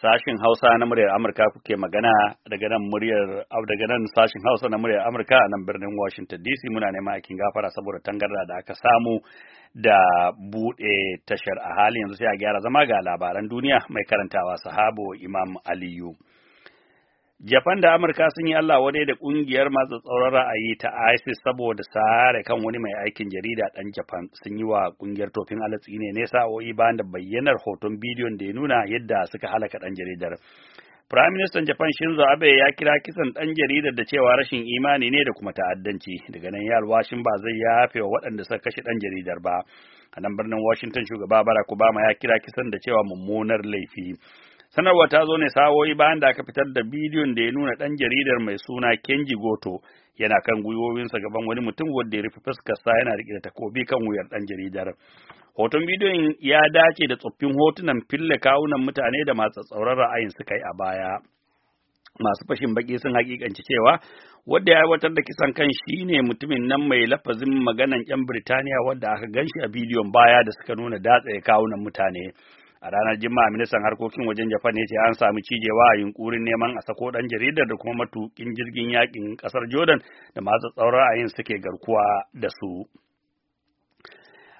sashin Hausa na muryar Amurka kuke magana daga nan muryar daga nan sashin Hausa na muryar Amurka a nan birnin Washington DC muna neman aikin gafara saboda tangarda da aka samu da bude tashar a halin yanzu sai a gyara zama ga labaran duniya mai karantawa sahabo Imam Aliyu. Japan da Amurka sun yi Allah wadai da kungiyar masu tsauran ra'ayi ta ISIS saboda sare kan wani mai aikin jarida dan Japan sun yi wa kungiyar tofin alatsi ne ne sa'o'i bayan da bayyanar hoton bidiyon da ya nuna yadda suka halaka dan jaridar. Prime Minister Japan Shinzo Abe ya kira kisan dan jaridar da cewa rashin imani ne da kuma ta'addanci daga nan ya alwashin ba zai yafe wa waɗanda suka kashe dan jaridar ba. A nan birnin Washington shugaba Barack Obama ya kira kisan da cewa mummunar laifi. Sanarwar ta zo ne sawoyi bayan da aka fitar da bidiyon da ya nuna ɗan jaridar mai suna Kenji Goto yana kan gwiwowinsa gaban wani mutum wanda ya rufe fuskarsa yana riƙe da takobi kan wuyar ɗan jaridar. Hoton bidiyon ya dace da tsoffin hotunan fille kawunan mutane da masu tsauran ra'ayin suka yi a baya. Masu fashin baki sun hakikanci cewa wadda ya aiwatar da kisan kan shi ne mutumin nan mai lafazin maganan 'yan Birtaniya wadda aka ganshi a bidiyon baya da suka nuna datse kawunan mutane. a ranar jimma ministan harkokin wajen Japan ya ce an samu cijewa a yunkurin neman a sako dan jaridar da kuma matukin jirgin yakin kasar Jordan da masu tsaurar ayin suke garkuwa da su.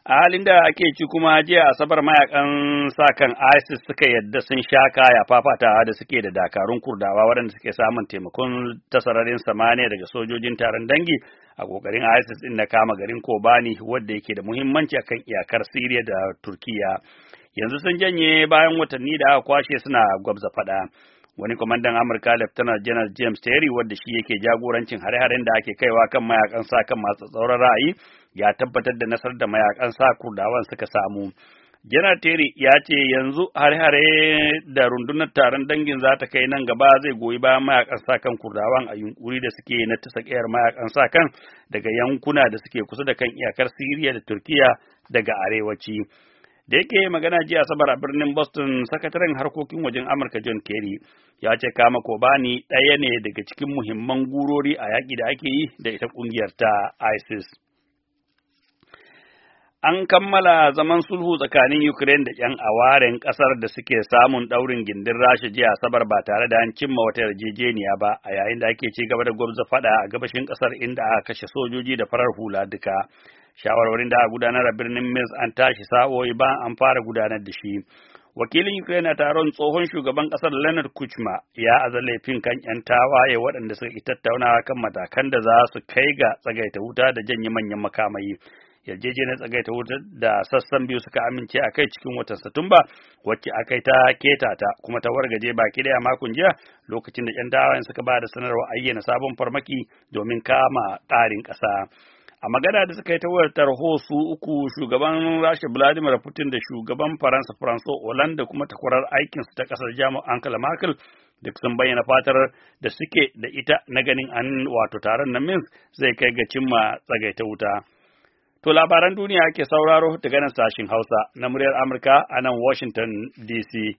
a halin da ake ci kuma jiya asabar mayakan sa kan ISIS suka yadda sun sha kaya fafatawa da suke da dakarun kurdawa waɗanda suke samun taimakon tasararin samaniya daga sojojin taron dangi a kokarin ISIS din na kama garin Kobani wadda yake da muhimmanci akan iyakar Siriya da Turkiya yanzu sun janye bayan watanni da aka kwashe suna gwabza fada wani kwamandan amurka lieutenant general james terry wadda shi yake jagorancin hare-haren da ake kaiwa kan mayakan sa kan masu tsauran ra'ayi ya tabbatar da nasarar da mayakan sa kurdawan suka samu janar terry ya ce yanzu hare-hare da rundunar taron dangin za ta kai nan gaba zai goyi bayan mayakan sa kan kurdawan a yunkuri da suke na tisa kayar mayakan sa kan daga yankuna da suke kusa da kan iyakar siriya da turkiya daga arewaci da yake magana jiya sabar a birnin boston sakataren harkokin wajen amurka john kerry ya ce kama kobani ɗaya ne daga cikin muhimman gurori a yaƙi da ake yi da ita ƙungiyar ta isis an kammala zaman sulhu tsakanin ukraine da 'yan awaren ƙasar da suke samun ɗaurin gindin rasha jiya sabar ba tare da an cimma wata yarjejeniya ba a yayin da ake ci gaba da gwamza faɗa a gabashin ƙasar inda aka kashe sojoji da farar hula duka shawarwarin da aka gudanar a birnin Minsk an tashi sa'o'i bayan an fara gudanar da shi wakilin Ukraine a taron tsohon shugaban ƙasar Leonard Kuchma ya aza laifin kan 'yan tawaye waɗanda suka yi tattaunawa kan matakan da za su kai ga tsagaita wuta da janye manyan makamai yarjejeniyar tsagaita wuta da sassan biyu suka amince a kai cikin watan Satumba wacce aka yi ta keta ta kuma ta wargaje baki daya makon jiya lokacin da 'yan tawayen suka ba da sanarwa ayyana sabon farmaki domin kama ƙarin ƙasa. A magana da suka yi ta wayar tarho su uku shugaban Rasha Vladimir Putin da shugaban Faransa François Hollande kuma takwarar aikinsu ta ƙasar Jamus Angela Merkel duk sun bayyana fatar da suke da ita na ganin an wato taron na Minsk zai kai ga cimma tsagaita wuta. To labaran duniya ke sauraro daga nan sashin Hausa na muryar Amurka a nan Washington DC.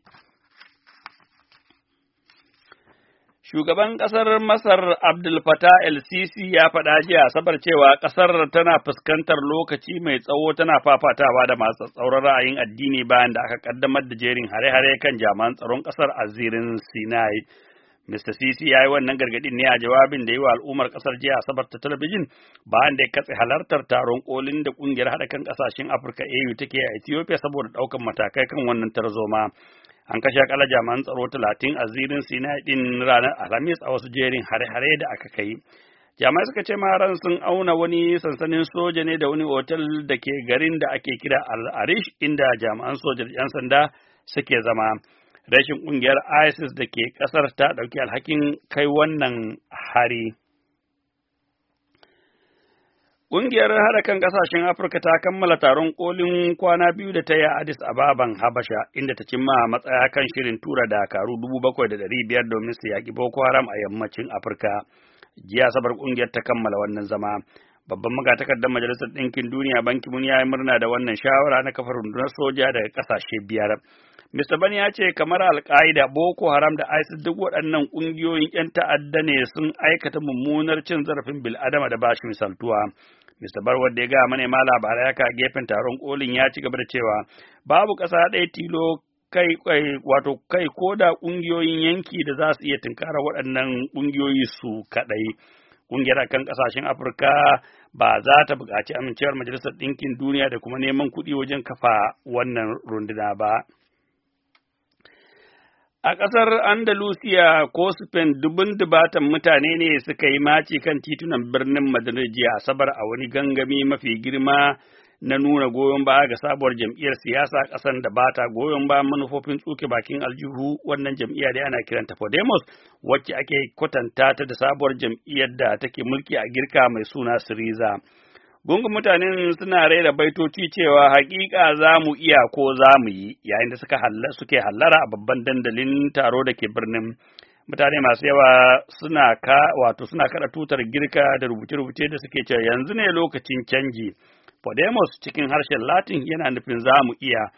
Shugaban ƙasar Masar Abdul Fattah el-Sisi ya faɗa jiya sabar cewa ƙasar tana fuskantar lokaci mai tsawo tana fafatawa da masu tsauran ra'ayin addini bayan da aka kaddamar da jerin hare-hare kan jami'an tsaron ƙasar a zirin Sinai. Mr. Sisi ya yi wannan gargaɗin ne a jawabin da yi wa al'ummar ƙasar jiya Asabar ta talabijin bayan da ya katse halartar taron kolin da ƙungiyar haɗa kan ƙasashen Afirka AU take a Ethiopia saboda ɗaukar matakai kan wannan tarzoma. an kashe akalla jami'an tsaro talatin a zirin sinai din ranar alhamis a wasu jerin hare-hare da aka kai jami'ai suka ce maran sun auna wani sansanin soja ne da wani otal da ke garin da ake kira al-arish inda jami'an sojar 'yan sanda suke zama rashin kungiyar isis da ke kasar ta dauki alhakin kai wannan hari Ƙungiyar harakan ƙasashen Afirka ta kammala taron ƙolin kwana biyu da ta yi Addis Ababan Habasha inda ta cimma a matsaya kan shirin tura dakaru dubu bakwai da ɗari biyar domin su yaƙi Boko Haram a yammacin Afirka. Jiya sabar ƙungiyar ta kammala wannan zama. Babban magatakardar Majalisar Ɗinkin Duniya Banki Mun ya yi murna da wannan shawara na kafar rundunar soja daga ƙasashe biyar. Mr. Bani ya ce kamar Al-Qaida, Boko Haram da ISIS duk waɗannan ƙungiyoyin 'yan ta'adda ne sun aikata mummunar cin zarafin bil'adama da ba shi misaltuwa. Mr. Barwar da ya gaya manema labarai haka gefen taron kolin ya ci gaba da cewa babu ƙasa ɗaya tilo kai wato kai ko da ƙungiyoyin yanki da za su iya tunkara waɗannan ƙungiyoyi su kaɗai. Ƙungiyar kan ƙasashen Afirka ba za ta buƙaci amincewar Majalisar Ɗinkin Duniya da kuma neman kuɗi wajen kafa wannan runduna ba. A ƙasar Andalusiya ko Spain dubun dubatan mutane ne suka yi maci kan titunan birnin Madrid jiya Asabar a wani gangami mafi girma na nuna goyon baya ga sabuwar jam'iyyar siyasa ƙasar da ba ta goyon baya manufofin tsuke bakin aljihu wannan jam'iyya dai ana kiranta Podemos wacce ake kwatanta ta da sabuwar jam'iyyar da take mulki a girka mai suna Siriza. Gungun mutanen suna raira baitoci cewa hakika za mu iya ko za mu yi yayin da suka suke hallara a babban dandalin taro da ke birnin mutane masu yawa suna ka wato suna kada tutar girka da rubuce-rubuce da suke cewa yanzu ne lokacin canji Podemos cikin harshen Latin yana nufin za mu iya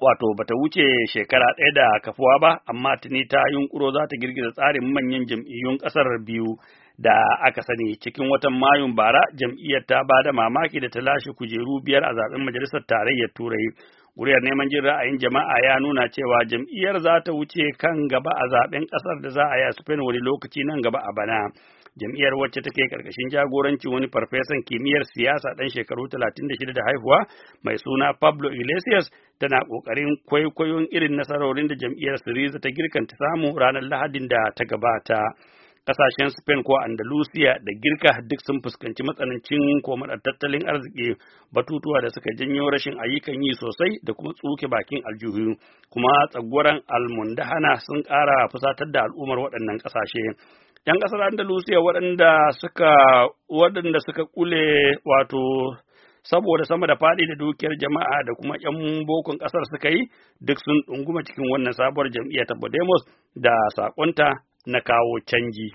wato bata wuce shekara ɗaya da kafuwa ba amma tuni ta yunkuro za ta girgiza tsarin manyan jam'iyyun ƙasar biyu da aka sani cikin watan mayun bara jam'iyyar ta ba da mamaki da ta lashe kujeru biyar a zaben majalisar tarayyar turai Wuriyar neman jin ra'ayin jama'a ya nuna cewa jam'iyyar za ta wuce kan gaba a zaben ƙasar da za a yi a Spain wani lokaci nan gaba a bana. Jam'iyyar wacce take karkashin jagoranci wani farfesan kimiyyar siyasa dan shekaru 36 da haihuwa mai suna Pablo Iglesias tana kokarin kwaikwayon irin nasarorin da jam'iyyar Siriza ta girkanta samu ranar Lahadin da ta gabata. kasashen Spain ko Andalusia da Girka duk sun fuskanci matsanancin da tattalin arziki batutuwa da suka janyo rashin ayyukan yi sosai da kuma tsuke bakin aljihu kuma tsagwaran almundahana sun ƙara fusatar da al'ummar waɗannan ƙasashe. ‘Yan ƙasar Andalusia waɗanda suka waɗanda suka kule wato saboda sama da faɗi da dukiyar jama'a da kuma 'yan bokon ƙasar suka yi duk sun ɗunguma cikin wannan sabuwar jam'iyyar ta da sakonta na kawo canji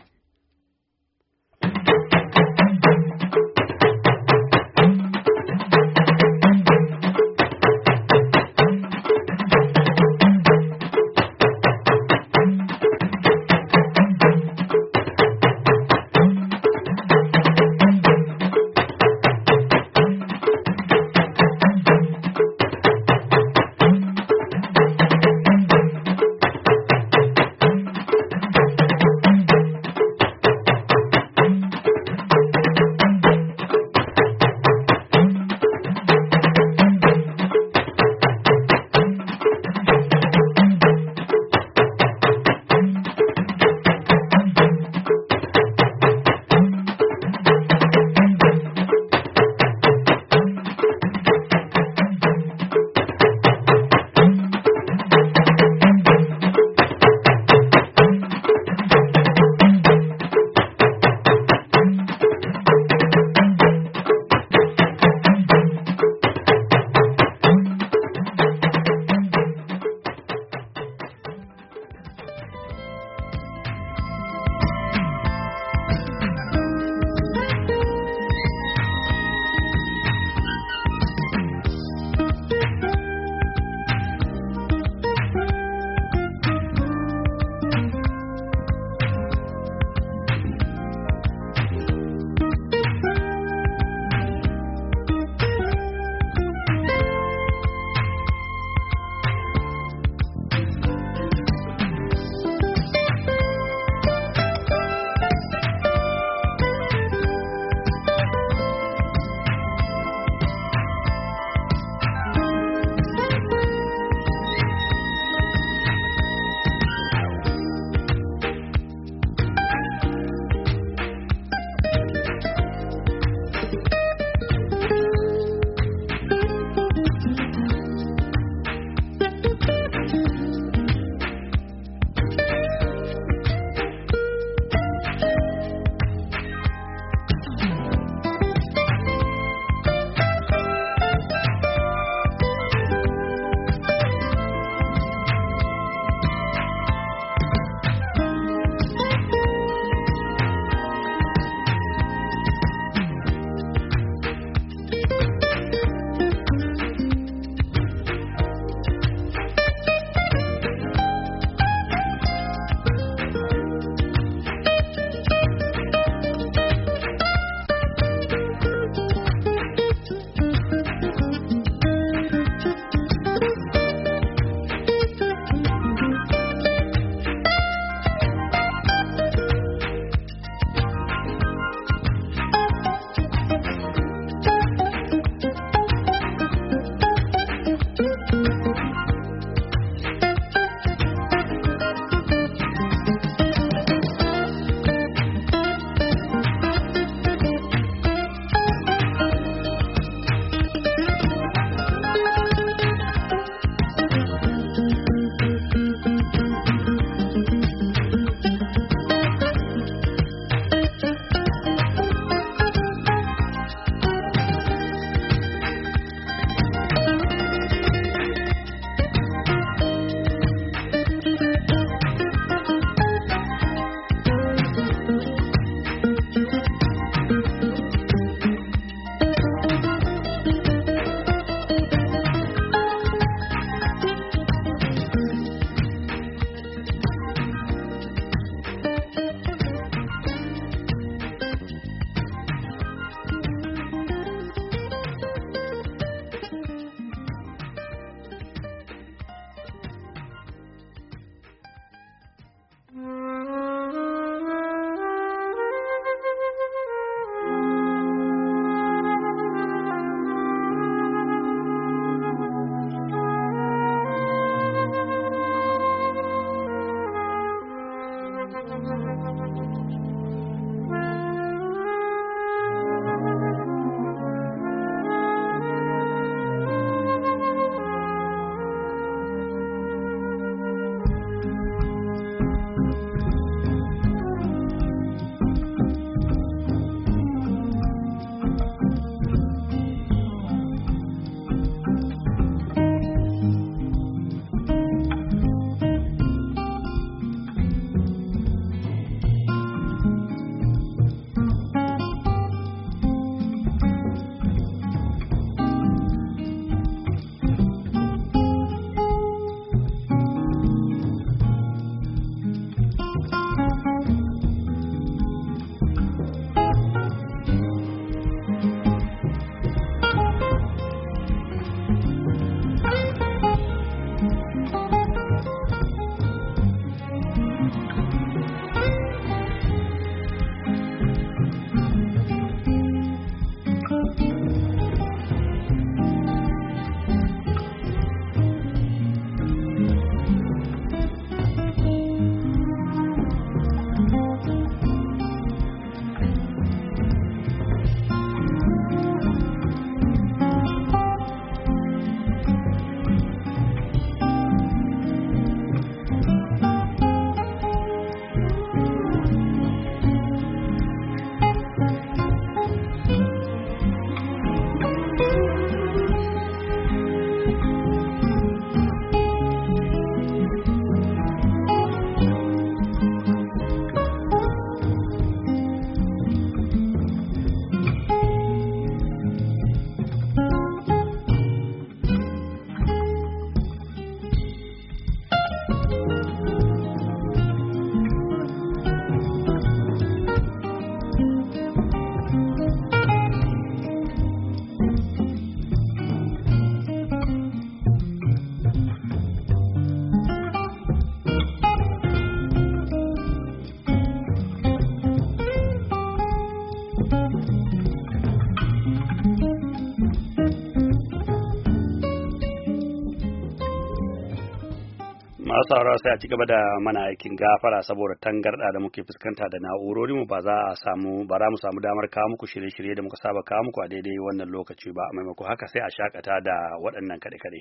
masu sauraro sai a ci gaba da mana aikin gafara saboda tangarɗa da muke fuskanta da na'urori mu ba za a samu ba za mu samu damar kawo muku shirye-shirye da muka saba kawo muku a daidai wannan lokaci ba maimako haka sai a shakata da waɗannan kaɗe-kaɗe.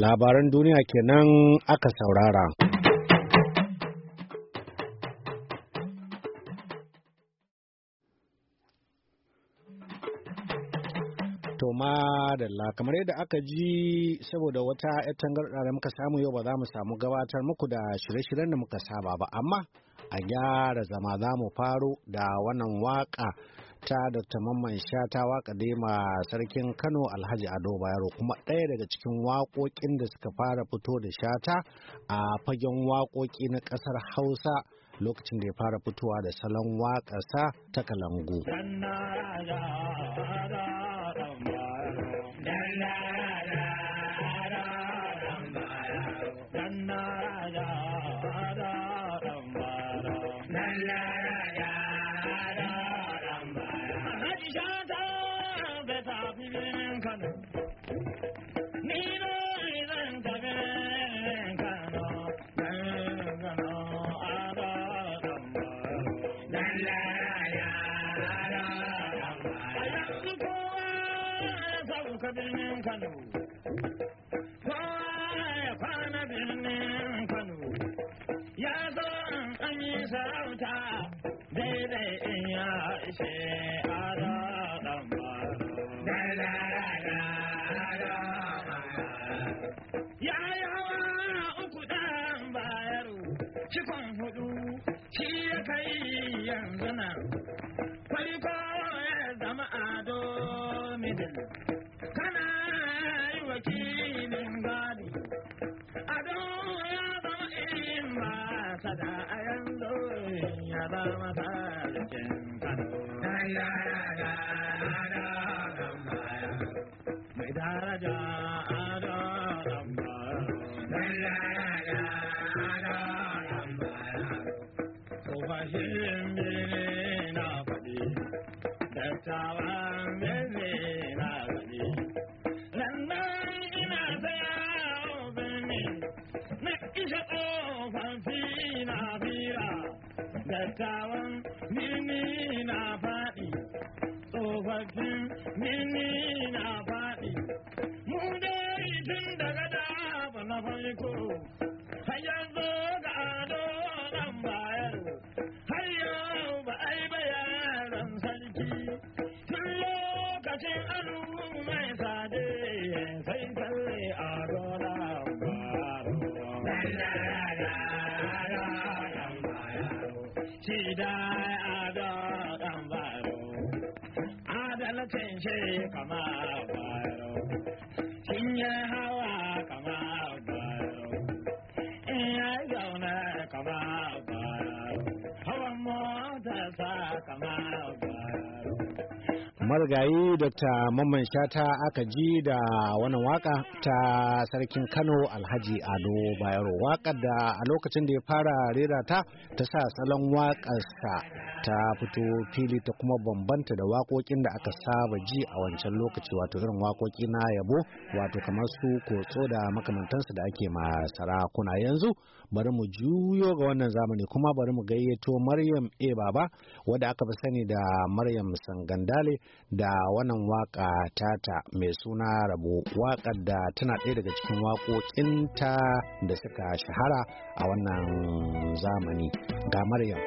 Labaran duniya kenan aka saurara. madalla kamar yadda aka ji saboda wata yar tangarɗa da muka samu yau ba za mu samu gabatar muku da shirye-shiryen da muka saba ba amma a gyara zama za mu faro da wannan waka ta dr mamman sha ta waka dema sarkin kano alhaji ado bayero kuma ɗaya daga cikin waƙoƙin da suka fara fito da shata a fagen waƙoƙi na ƙasar hausa lokacin da ya fara fitowa da salon waƙarsa ta kalangu. Kano. Kowa ya kwana birnin Kano, ya zo an yi sarauta daidai in ya ishe ado ɗan Ya yawa uku ɗan bayaro, cikon dattawan birni na faɗi tsofaffin birni na faɗi mu dai tun daga da na farko har yanzu ga marigayi da ta mamman shata aka ji da wannan waka ta sarkin kano alhaji ado bayero wakar da a lokacin da ya fara rera ta ta sa salon wakarsa ta fito fili ta kuma bambanta da wakokin da aka saba ji a wancan lokaci wato irin wakoki na yabo wato kamar su kotso da makamantansu da ake ma sarakuna yanzu bari mu juyo ga wannan zamani kuma bari mu gayyato Maryam A Baba wadda aka fi sani da Maryam Sangandale da wannan waka tata mai suna rabo wakar da tana ɗaya daga cikin waƙoƙinta da suka shahara a wannan zamani ga Maryam.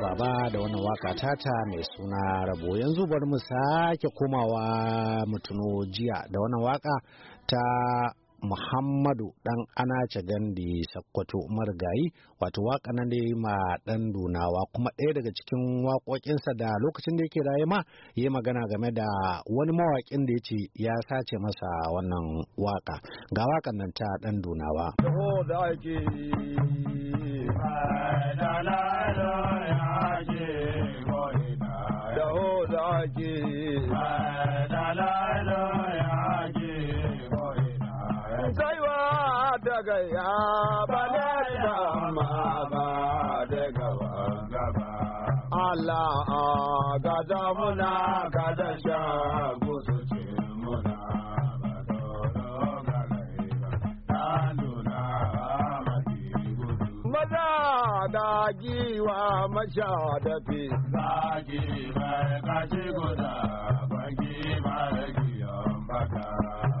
Baba da wani waka tata mai suna rabo yanzu bari mu sake komawa mutuno jiya da wani waka ta Muhammadu dan Anace Gandi Sakkwato Marigayi wato waka nan da ma dan Dunawa kuma ɗaya daga cikin waƙoƙinsa da lokacin da yake raye ma ya magana game da wani mawaƙin da ya ce ya sace masa wannan waka ga wakan nan ta dan Dunawa. bana dama ba a ba doro galai ba ta nuna mafi gudu giwa masha da fi zagi mai kashi guda mai giyon baka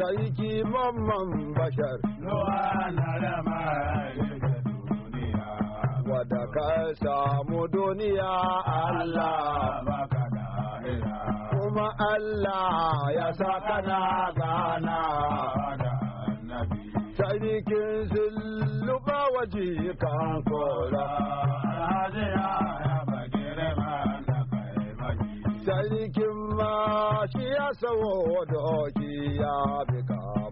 sarki mamman bashar. Nuwa na da duniya. Wadda ka samu duniya Allah baka da Kuma Allah ya sa kana gana da annabi. Sarkin zulluba waje kan kora. Alhaji ya bagire ma na kai magi. Sarkin ma shi ya sawo doki ya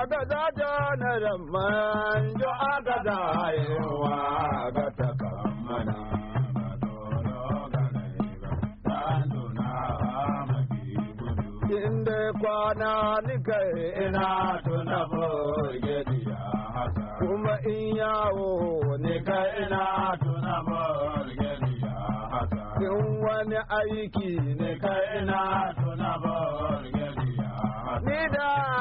agada janar man jo agada yewa agata kamana Inda kwana nika ina tuna boge diya haka kuma in yawo nika ina tuna boge diya haka in wani aiki nika ina tuna boge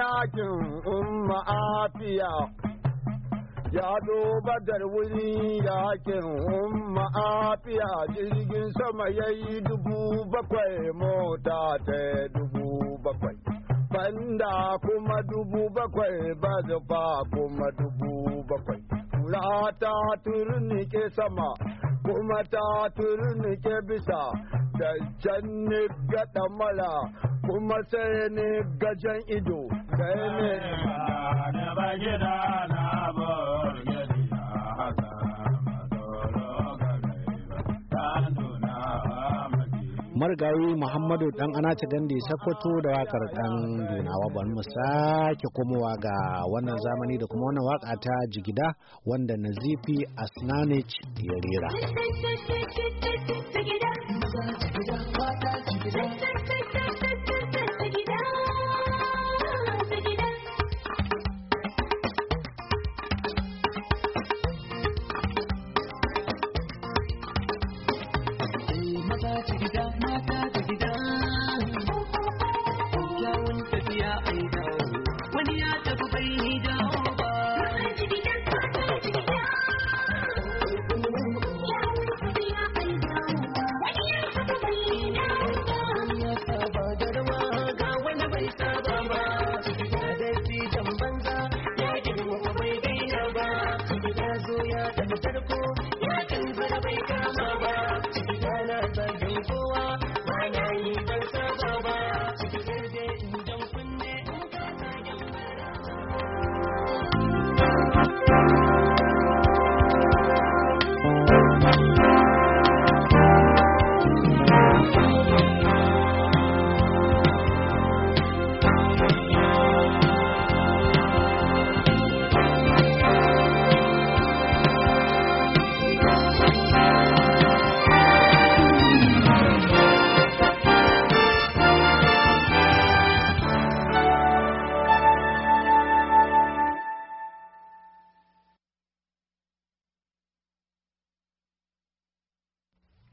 yakin umma afiya ya duba darwuri yakin umma afiya jirgin sama ya yi dubu bakwai mota ta dubu bakwai banda kuma dubu bakwai ba bazufa kuma dubu bakwai ta turnike sama kuma ta turnike bisa da can ni mala kuma sai ni gajen ido marigayi muhammadu ɗan anace gandi sakwato da wakar ɗan dunawa ban mu sake komowa ga wannan zamani da kuma wannan waka ta jigida wanda nazifi asnanich ya rera jigida